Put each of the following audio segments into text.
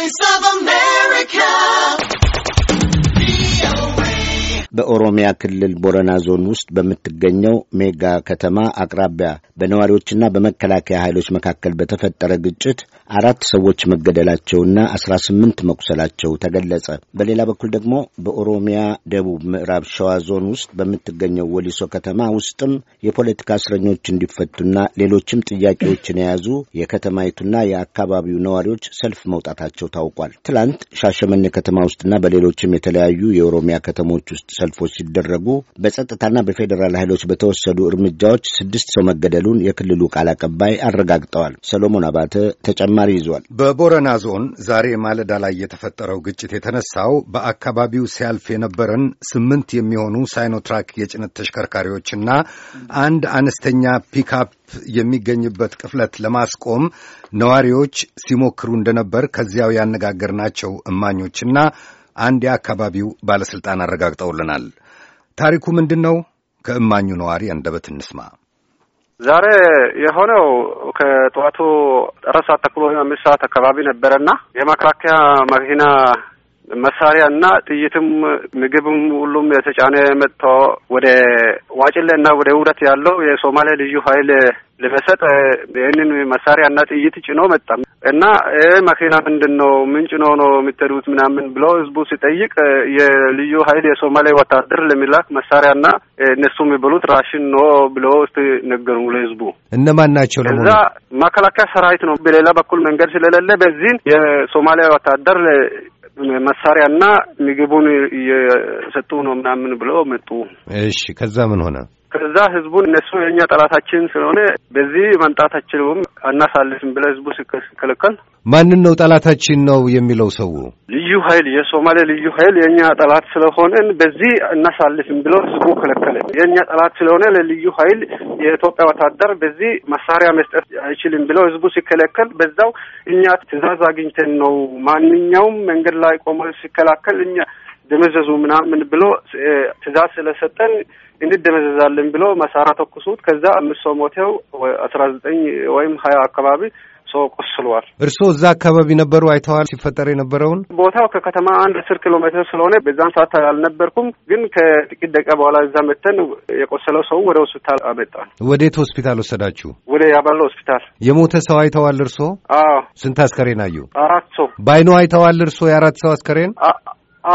Voice of America. በኦሮሚያ ክልል ቦረና ዞን ውስጥ በምትገኘው ሜጋ ከተማ አቅራቢያ በነዋሪዎችና በመከላከያ ኃይሎች መካከል በተፈጠረ ግጭት አራት ሰዎች መገደላቸውና አስራ ስምንት መቁሰላቸው ተገለጸ። በሌላ በኩል ደግሞ በኦሮሚያ ደቡብ ምዕራብ ሸዋ ዞን ውስጥ በምትገኘው ወሊሶ ከተማ ውስጥም የፖለቲካ እስረኞች እንዲፈቱና ሌሎችም ጥያቄዎችን የያዙ የከተማይቱና የአካባቢው ነዋሪዎች ሰልፍ መውጣታቸው ታውቋል። ትላንት ሻሸመኔ ከተማ ውስጥና በሌሎችም የተለያዩ የኦሮሚያ ከተሞች ውስጥ ሰልፎች ሲደረጉ በጸጥታና በፌዴራል ኃይሎች በተወሰዱ እርምጃዎች ስድስት ሰው መገደሉን የክልሉ ቃል አቀባይ አረጋግጠዋል። ሰሎሞን አባተ ተጨማሪ ይዟል። በቦረና ዞን ዛሬ ማለዳ ላይ የተፈጠረው ግጭት የተነሳው በአካባቢው ሲያልፍ የነበረን ስምንት የሚሆኑ ሳይኖትራክ የጭነት ተሽከርካሪዎችና አንድ አነስተኛ ፒካፕ የሚገኝበት ቅፍለት ለማስቆም ነዋሪዎች ሲሞክሩ እንደነበር ከዚያው ያነጋገርናቸው እማኞችና አንድ የአካባቢው ባለሥልጣን አረጋግጠውልናል። ታሪኩ ምንድን ነው? ከእማኙ ነዋሪ አንደበት እንስማ። ዛሬ የሆነው ከጠዋቱ አራት ሰዓት አምስት ሰዓት አካባቢ ነበረና የመከላከያ መኪና መሳሪያ እና ጥይትም ምግብም ሁሉም የተጫነ መጥቶ ወደ ዋጭለ እና ወደ ውረት ያለው የሶማሌ ልዩ ኃይል ለመሰጥ ይህንን መሳሪያ ጥይት ጭኖ መጣም እና ይህ መኪና ምንድን ነው? ምን ጭኖ ነው የምትሄዱት? ምናምን ብሎ ህዝቡ ሲጠይቅ የልዩ ኃይል የሶማሌ ወታደር ለሚላክ መሳሪያ እነሱ የሚበሉት ራሽን ነው ብሎ ስ ነገሩ ለህዝቡ። እነማን ናቸው? እዛ መከላከያ ሰራዊት ነው። በሌላ በኩል መንገድ ስለሌለ በዚህን የሶማሊያ ወታደር መሳሪያና ምግቡን እየሰጡ ነው ምናምን ብለው መጡ። እሺ፣ ከዛ ምን ሆነ? ከዛ ህዝቡን እነሱ የእኛ ጠላታችን ስለሆነ በዚህ መምጣታችንም አናሳልፍም ብለ ህዝቡ ሲከለከል ማንን ነው ጠላታችን ነው የሚለው ሰው ልዩ ኃይል የሶማሌ ልዩ ኃይል የእኛ ጠላት ስለሆነን በዚህ እናሳልፍም ብለው ህዝቡ ከለከለ። የእኛ ጠላት ስለሆነ ለልዩ ኃይል የኢትዮጵያ ወታደር በዚህ መሳሪያ መስጠት አይችልም ብለው ህዝቡ ሲከለከል፣ በዛው እኛ ትእዛዝ አግኝተን ነው ማንኛውም መንገድ ላይ ቆመ ሲከላከል እኛ ደመዘዙ ምናምን ብሎ ትእዛዝ ስለሰጠን እንደመዘዛለን ብሎ መሳራ ተኩሱት። ከዛ አምስት ሰው ሞተው አስራ ዘጠኝ ወይም ሀያ አካባቢ ሰው ቆስሏል። እርስዎ እዛ አካባቢ ነበሩ? አይተዋል ሲፈጠር የነበረውን? ቦታው ከከተማ አንድ አስር ኪሎ ሜትር ስለሆነ በዛን ሰዓት አልነበርኩም፣ ግን ከጥቂት ደቂቃ በኋላ እዛ መተን የቆሰለው ሰው ወደ ሆስፒታል አመጣን። ወዴት ሆስፒታል ወሰዳችሁ? ወደ ያባለ ሆስፒታል። የሞተ ሰው አይተዋል እርስዎ? አዎ። ስንት አስከሬን አዩ? አራት ሰው። በአይኑ አይተዋል እርስዎ የአራት ሰው አስከሬን?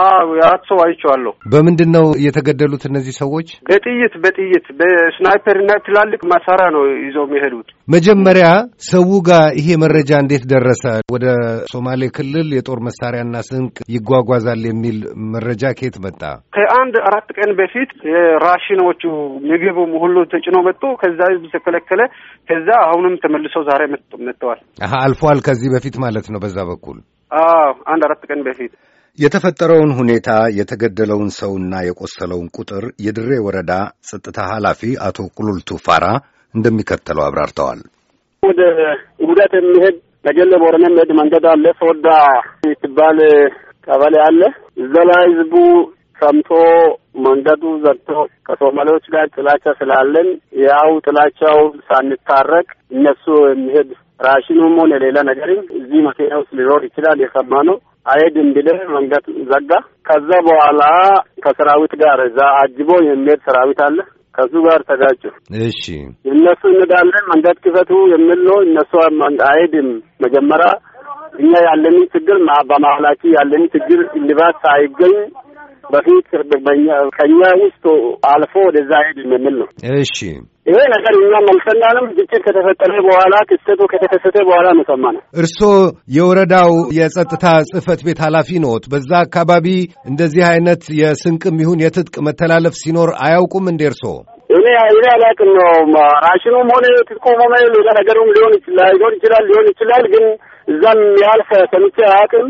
አራት ሰው አይቼዋለሁ። በምንድን ነው የተገደሉት እነዚህ ሰዎች? በጥይት በጥይት በስናይፐር እና ትላልቅ መሳሪያ ነው ይዘው የሚሄዱት። መጀመሪያ ሰው ጋር ይሄ መረጃ እንዴት ደረሰ? ወደ ሶማሌ ክልል የጦር መሳሪያና ስንቅ ይጓጓዛል የሚል መረጃ ከየት መጣ? ከአንድ አራት ቀን በፊት የራሽኖቹ ምግብም ሁሉ ተጭኖ መጡ። ከዛ ህዝብ ተከለከለ። ከዛ አሁንም ተመልሰው ዛሬ መጥተዋል። አልፏል። ከዚህ በፊት ማለት ነው በዛ በኩል አንድ አራት ቀን በፊት የተፈጠረውን ሁኔታ የተገደለውን ሰውና የቆሰለውን ቁጥር የድሬ ወረዳ ጸጥታ ኃላፊ አቶ ቁሉልቱ ፋራ እንደሚከተለው አብራርተዋል። ወደ ጉዳት የሚሄድ ነገለ ቦረና የሚሄድ መንገድ አለ። ሶወዳ የምትባል ቀበሌ አለ። እዛ ላይ ህዝቡ ሰምቶ መንገዱ ዘግቶ ከሶማሌዎች ጋር ጥላቻ ስላለን ያው ጥላቻው ሳንታረቅ እነሱ የሚሄድ ራሽኑም ሆነ ሌላ ነገርም እዚህ መኪና ውስጥ ሊኖር ይችላል የሰማ ነው አይሄድም ብለህ መንገድ ዘጋ። ከዛ በኋላ ከሰራዊት ጋር እዛ አጅቦ የሚሄድ ሰራዊት አለ ከሱ ጋር ተጋጩ። እሺ እነሱ እንዳለን መንገድ ክፈቱ የሚል ነው። እነሱ አይሄድም። መጀመሪያ እኛ ያለንን ችግር በመሀላችን ያለንን ችግር እልባት ሳይገኝ በፊት ከኛ ውስጥ አልፎ ወደዛ ሄድ የሚል ነው። እሺ ይሄ ነገር እኛ አልሰማንም። ግጭት ከተፈጠረ በኋላ ክስተቱ ከተከሰተ በኋላ ነው ሰማነው። እርስዎ የወረዳው የጸጥታ ጽሕፈት ቤት ኃላፊ ነዎት። በዛ አካባቢ እንደዚህ አይነት የስንቅም ይሁን የትጥቅ መተላለፍ ሲኖር አያውቁም እንዴ እርስዎ? እኔ እኔ አላውቅም ነው ራሽኑም ሆነ ትጥቁም ሆነ ሌላ ነገሩም ሊሆን ይችላል ሊሆን ይችላል ሊሆን ይችላል ግን እዛም ያልፈ ሰምቼ አያውቅም።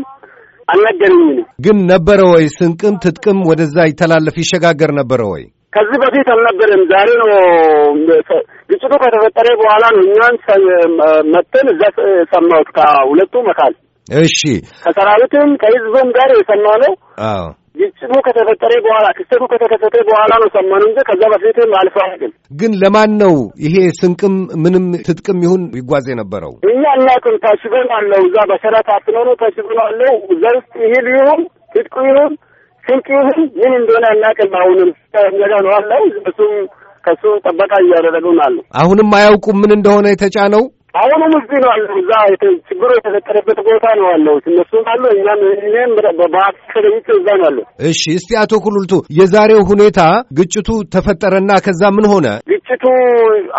አልነገሩኝም። ግን ነበረ ወይ ስንቅም ትጥቅም ወደዛ ይተላለፍ ይሸጋገር ነበረ ወይ? ከዚህ በፊት አልነበረም። ዛሬ ነው ግጭቱ ከተፈጠረ በኋላ ነው እኛን መጥተን እዛ ሰማሁት ከሁለቱ መካል። እሺ፣ ከሰራዊትም ከህዝቡም ጋር የሰማ ነው። አዎ ግጭቱ ከተፈጠረ በኋላ ክስተቱ ከተከሰተ በኋላ ነው ሰማነው እንጂ ከዛ በፊትም አልፎ አያውቅም። ግን ለማን ነው ይሄ ስንቅም ምንም ትጥቅም ይሁን ይጓዝ የነበረው? እኛ እናቅም። ታሽበን አለው እዛ በሸራ ታፍኖ ታሽበን አለው እዛ ውስጥ ይሄል ይሁን ትጥቁ ይሁን ስንቅ ይሁን ምን እንደሆነ አናቅም። አሁንም ነገ ነው አለው እሱም ከሱ ጠበቃ እያደረጉን አሉ። አሁንም አያውቁም ምን እንደሆነ የተጫነው አሁንም እዚህ ነው ያለው። እዛ ችግሩ የተፈጠረበት ቦታ ነው ያለው። እነሱ አሉ እኛም እኔም በአክ እዛ ነው ያለው። እሺ እስቲ አቶ ኩሉልቱ የዛሬው ሁኔታ ግጭቱ ተፈጠረና ከዛ ምን ሆነ? ግጭቱ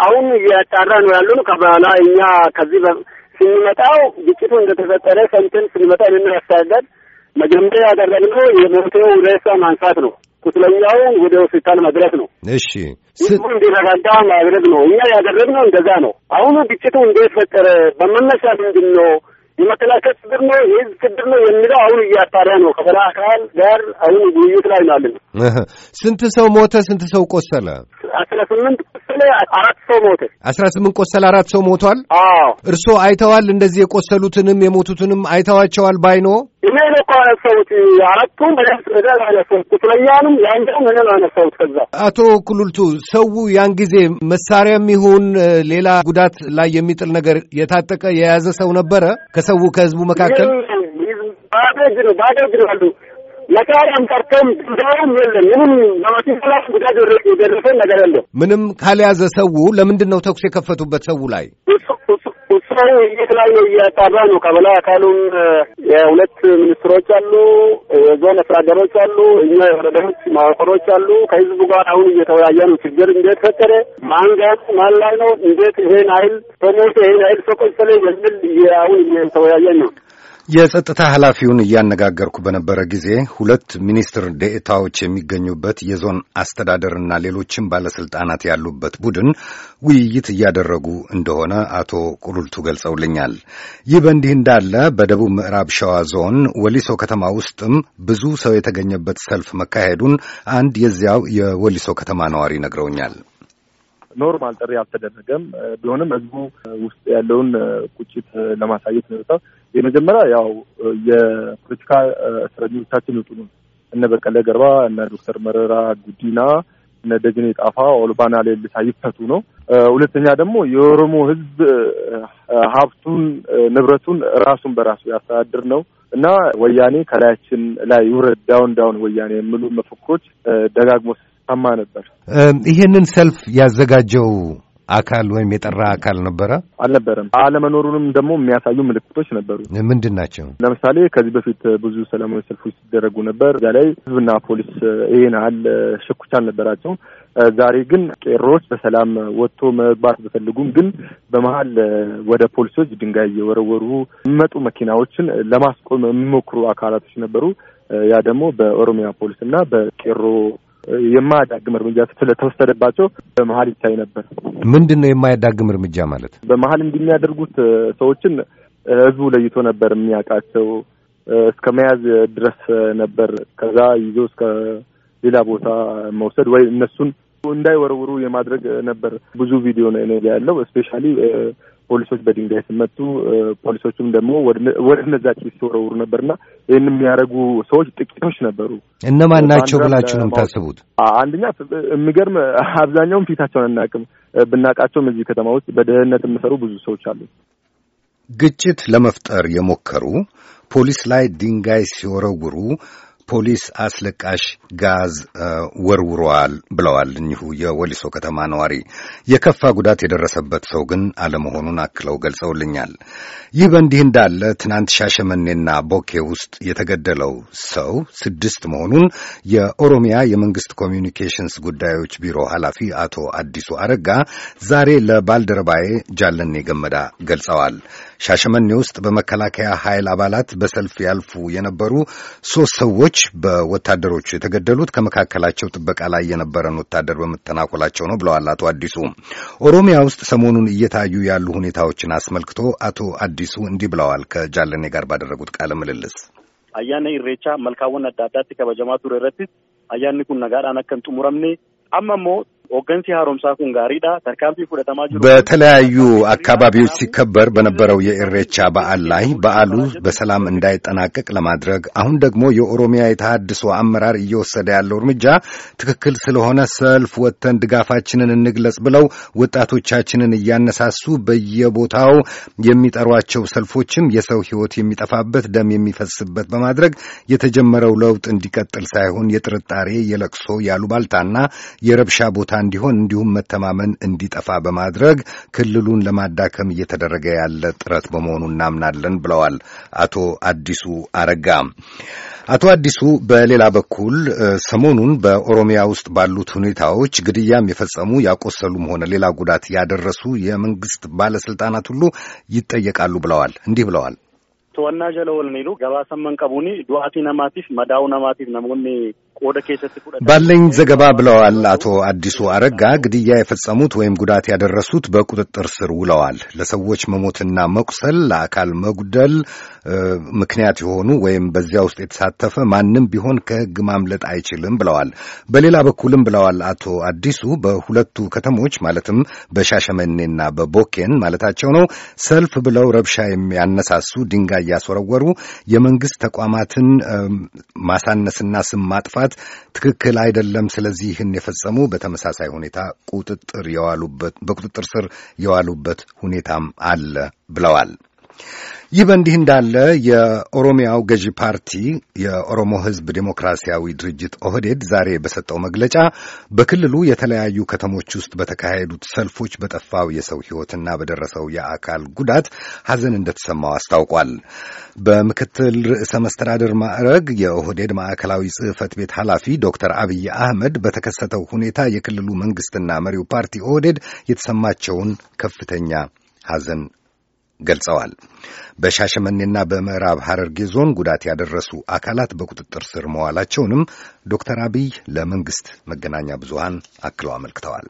አሁን እያጣራ ነው ያለው ከበኋላ እኛ ከዚህ ስንመጣው ግጭቱ እንደተፈጠረ ሰምተን ስንመጣ ንን መጀመሪያ ያደረግነው የሞቴው ሬሳ ማንሳት ነው። ቁስለኛው ወደ ሆስፒታል መድረስ ነው። እሺ ህዝቡ እንዲረጋጋ ማድረግ ነው። እኛ ያደረግነው እንደዛ ነው። አሁኑ ግጭቱ እንዴት ፈጠረ በመነሻ ምንድን ነው? የመከላከል ችግር ነው፣ የህዝብ ችግር ነው የሚለው አሁን እያጣሪያ ነው። ከበላ አካል ጋር አሁን ውይይት ላይ ነው ናለን። ስንት ሰው ሞተ? ስንት ሰው ቆሰለ? አስራ ስምንት ቆሰለ፣ አራት ሰው ሞተ። አስራ ስምንት ቆሰለ፣ አራት ሰው ሞቷል። አዎ እርስዎ አይተዋል? እንደዚህ የቆሰሉትንም የሞቱትንም አይተዋቸዋል? ባይኖ እኔ ነው እኮ ያነሳሁት። አራቱም በደንብ አነሳሁት። ቁስለኛንም ያንደም እኔ ነው ያነሳሁት። ከዛ አቶ ኩሉልቱ ሰው ያን ጊዜ መሳሪያም ይሁን ሌላ ጉዳት ላይ የሚጥል ነገር የታጠቀ የያዘ ሰው ነበረ ከሰው ከህዝቡ መካከል ባደርግ ነው ባደርግ ነው አሉ ለቃሪያም ቀርቶም እንዳውም የለም ምንም በመኪና ላይ ጉዳት የደረሰ ነገር የለም። ምንም ካልያዘ ሰው ለምንድን ነው ተኩስ የከፈቱበት ሰው ላይ? ሰው የተለያየ እያጣራ ነው። ከበላይ አካሉም የሁለት ሚኒስትሮች አሉ፣ የዞን አስተዳደሮች አሉ፣ እኛ የወረዳዎች ማወቀሮች አሉ። ከህዝቡ ጋር አሁን እየተወያየ ነው። ችግር እንዴት ፈጠረ? ማንጋት ማን ላይ ነው? እንዴት ይሄን ሀይል ፕሮሞት ይሄን ሀይል ሰቆች ተለይ የሚል አሁን እየተወያየ ነው። የጸጥታ ኃላፊውን እያነጋገርኩ በነበረ ጊዜ ሁለት ሚኒስትር ዴኤታዎች የሚገኙበት የዞን አስተዳደርና ሌሎችም ባለስልጣናት ያሉበት ቡድን ውይይት እያደረጉ እንደሆነ አቶ ቁሉልቱ ገልጸውልኛል። ይህ በእንዲህ እንዳለ በደቡብ ምዕራብ ሸዋ ዞን ወሊሶ ከተማ ውስጥም ብዙ ሰው የተገኘበት ሰልፍ መካሄዱን አንድ የዚያው የወሊሶ ከተማ ነዋሪ ነግረውኛል። ኖርማል ጥሪ አልተደረገም። ቢሆንም ህዝቡ ውስጥ ያለውን ቁጭት ለማሳየት ነው የመጀመሪያ ያው የፖለቲካ እስረኞቻችን ይውጡ ነው። እነ በቀለ ገርባ፣ እነ ዶክተር መረራ ጉዲና፣ እነ ደጀኔ ጣፋ፣ ኦልባና ሌልሳ ይፈቱ ነው። ሁለተኛ ደግሞ የኦሮሞ ህዝብ ሀብቱን ንብረቱን ራሱን በራሱ ያስተዳድር ነው እና ወያኔ ከላያችን ላይ ይውረድ፣ ዳውን ዳውን ወያኔ የሚሉ መፈክሮች ደጋግሞ ሰማ ነበር። ይሄንን ሰልፍ ያዘጋጀው አካል ወይም የጠራ አካል ነበረ አልነበረም። አለመኖሩንም ደግሞ የሚያሳዩ ምልክቶች ነበሩ። ምንድን ናቸው? ለምሳሌ ከዚህ በፊት ብዙ ሰላማዊ ሰልፎች ሲደረጉ ነበር። እዚያ ላይ ህዝብና ፖሊስ ይሄን ያህል ሽኩቻ አልነበራቸውም። ዛሬ ግን ቄሮዎች በሰላም ወጥቶ መግባት ቢፈልጉም ግን በመሀል ወደ ፖሊሶች ድንጋይ እየወረወሩ የሚመጡ መኪናዎችን ለማስቆም የሚሞክሩ አካላቶች ነበሩ። ያ ደግሞ በኦሮሚያ ፖሊስ እና በቄሮ የማያዳግም እርምጃ ስለተወሰደባቸው በመሀል ይታይ ነበር። ምንድን ነው የማያዳግም እርምጃ ማለት? በመሀል እንደሚያደርጉት ሰዎችን ህዝቡ ለይቶ ነበር የሚያውቃቸው እስከ መያዝ ድረስ ነበር። ከዛ ይዞ እስከ ሌላ ቦታ መውሰድ ወይ እነሱን እንዳይወረውሩ የማድረግ ነበር። ብዙ ቪዲዮ ነው ያለው። ስፔሻሊ ፖሊሶች በድንጋይ ሲመቱ፣ ፖሊሶቹም ደግሞ ወደ እነዛቸው ሲወረውሩ ነበርና ይህን የሚያደርጉ ሰዎች ጥቂቶች ነበሩ። እነማን ናቸው ብላችሁ ነው የምታስቡት? አንደኛ የሚገርም አብዛኛውን ፊታቸውን አናውቅም። ብናውቃቸውም እዚህ ከተማ ውስጥ በደህንነት የምሰሩ ብዙ ሰዎች አሉ። ግጭት ለመፍጠር የሞከሩ ፖሊስ ላይ ድንጋይ ሲወረውሩ ፖሊስ አስለቃሽ ጋዝ ወርውረዋል ብለዋል እኚሁ የወሊሶ ከተማ ነዋሪ። የከፋ ጉዳት የደረሰበት ሰው ግን አለመሆኑን አክለው ገልጸውልኛል። ይህ በእንዲህ እንዳለ ትናንት ሻሸመኔና ቦኬ ውስጥ የተገደለው ሰው ስድስት መሆኑን የኦሮሚያ የመንግስት ኮሚኒኬሽንስ ጉዳዮች ቢሮ ኃላፊ አቶ አዲሱ አረጋ ዛሬ ለባልደረባዬ ጃለኔ ገመዳ ገልጸዋል። ሻሸመኔ ውስጥ በመከላከያ ኃይል አባላት በሰልፍ ያልፉ የነበሩ ሶስት ሰዎች በወታደሮቹ የተገደሉት ከመካከላቸው ጥበቃ ላይ የነበረን ወታደር በመተናኮላቸው ነው ብለዋል አቶ አዲሱ። ኦሮሚያ ውስጥ ሰሞኑን እየታዩ ያሉ ሁኔታዎችን አስመልክቶ አቶ አዲሱ እንዲህ ብለዋል ከጃለኔ ጋር ባደረጉት ቃለ ምልልስ አያነ ኢሬቻ መልካወን አዳዳት ከበጀማቱ ቱሬረት አያኒ ነጋር አነከን ጥሙረምኔ አማሞ በተለያዩ አካባቢዎች ሲከበር በነበረው የኢሬቻ በዓል ላይ በዓሉ በሰላም እንዳይጠናቀቅ ለማድረግ አሁን ደግሞ የኦሮሚያ የተሃድሶ አመራር እየወሰደ ያለው እርምጃ ትክክል ስለሆነ ሰልፍ ወጥተን ድጋፋችንን እንግለጽ ብለው ወጣቶቻችንን እያነሳሱ በየቦታው የሚጠሯቸው ሰልፎችም የሰው ህይወት የሚጠፋበት ደም የሚፈስበት በማድረግ የተጀመረው ለውጥ እንዲቀጥል ሳይሆን የጥርጣሬ የለቅሶ ያሉባልታና የረብሻ ቦታ እንዲሆን እንዲሁም መተማመን እንዲጠፋ በማድረግ ክልሉን ለማዳከም እየተደረገ ያለ ጥረት በመሆኑ እናምናለን ብለዋል አቶ አዲሱ አረጋ። አቶ አዲሱ በሌላ በኩል ሰሞኑን በኦሮሚያ ውስጥ ባሉት ሁኔታዎች ግድያም የፈጸሙ ያቆሰሉም ሆነ ሌላ ጉዳት ያደረሱ የመንግስት ባለስልጣናት ሁሉ ይጠየቃሉ ብለዋል። እንዲህ ብለዋል። to'annaa jala oolaniiru gabaasan manqabuuni du'aatii namaatiif madaa'uu namaatiif namoonni ቆደ ኬሰት ባለኝ ዘገባ ብለዋል አቶ አዲሱ አረጋ። ግድያ የፈጸሙት ወይም ጉዳት ያደረሱት በቁጥጥር ስር ውለዋል። ለሰዎች መሞትና መቁሰል፣ ለአካል መጉደል ምክንያት የሆኑ ወይም በዚያ ውስጥ የተሳተፈ ማንም ቢሆን ከሕግ ማምለጥ አይችልም ብለዋል። በሌላ በኩልም ብለዋል አቶ አዲሱ በሁለቱ ከተሞች ማለትም በሻሸመኔና በቦኬን ማለታቸው ነው ሰልፍ ብለው ረብሻ የሚያነሳሱ ድንጋይ እያስወረወሩ የመንግስት ተቋማትን ማሳነስና ስም ማጥፋት ትክክል አይደለም። ስለዚህን የፈጸሙ በተመሳሳይ ሁኔታ ቁጥጥር የዋሉበት በቁጥጥር ስር የዋሉበት ሁኔታም አለ ብለዋል። ይህ በእንዲህ እንዳለ የኦሮሚያው ገዢ ፓርቲ የኦሮሞ ሕዝብ ዴሞክራሲያዊ ድርጅት ኦህዴድ ዛሬ በሰጠው መግለጫ በክልሉ የተለያዩ ከተሞች ውስጥ በተካሄዱት ሰልፎች በጠፋው የሰው ሕይወትና በደረሰው የአካል ጉዳት ሐዘን እንደተሰማው አስታውቋል። በምክትል ርዕሰ መስተዳድር ማዕረግ የኦህዴድ ማዕከላዊ ጽህፈት ቤት ኃላፊ ዶክተር አብይ አህመድ በተከሰተው ሁኔታ የክልሉ መንግስትና መሪው ፓርቲ ኦህዴድ የተሰማቸውን ከፍተኛ ሐዘን ገልጸዋል። በሻሸመኔና በምዕራብ ሐረርጌ ዞን ጉዳት ያደረሱ አካላት በቁጥጥር ስር መዋላቸውንም ዶክተር አብይ ለመንግሥት መገናኛ ብዙሃን አክለው አመልክተዋል።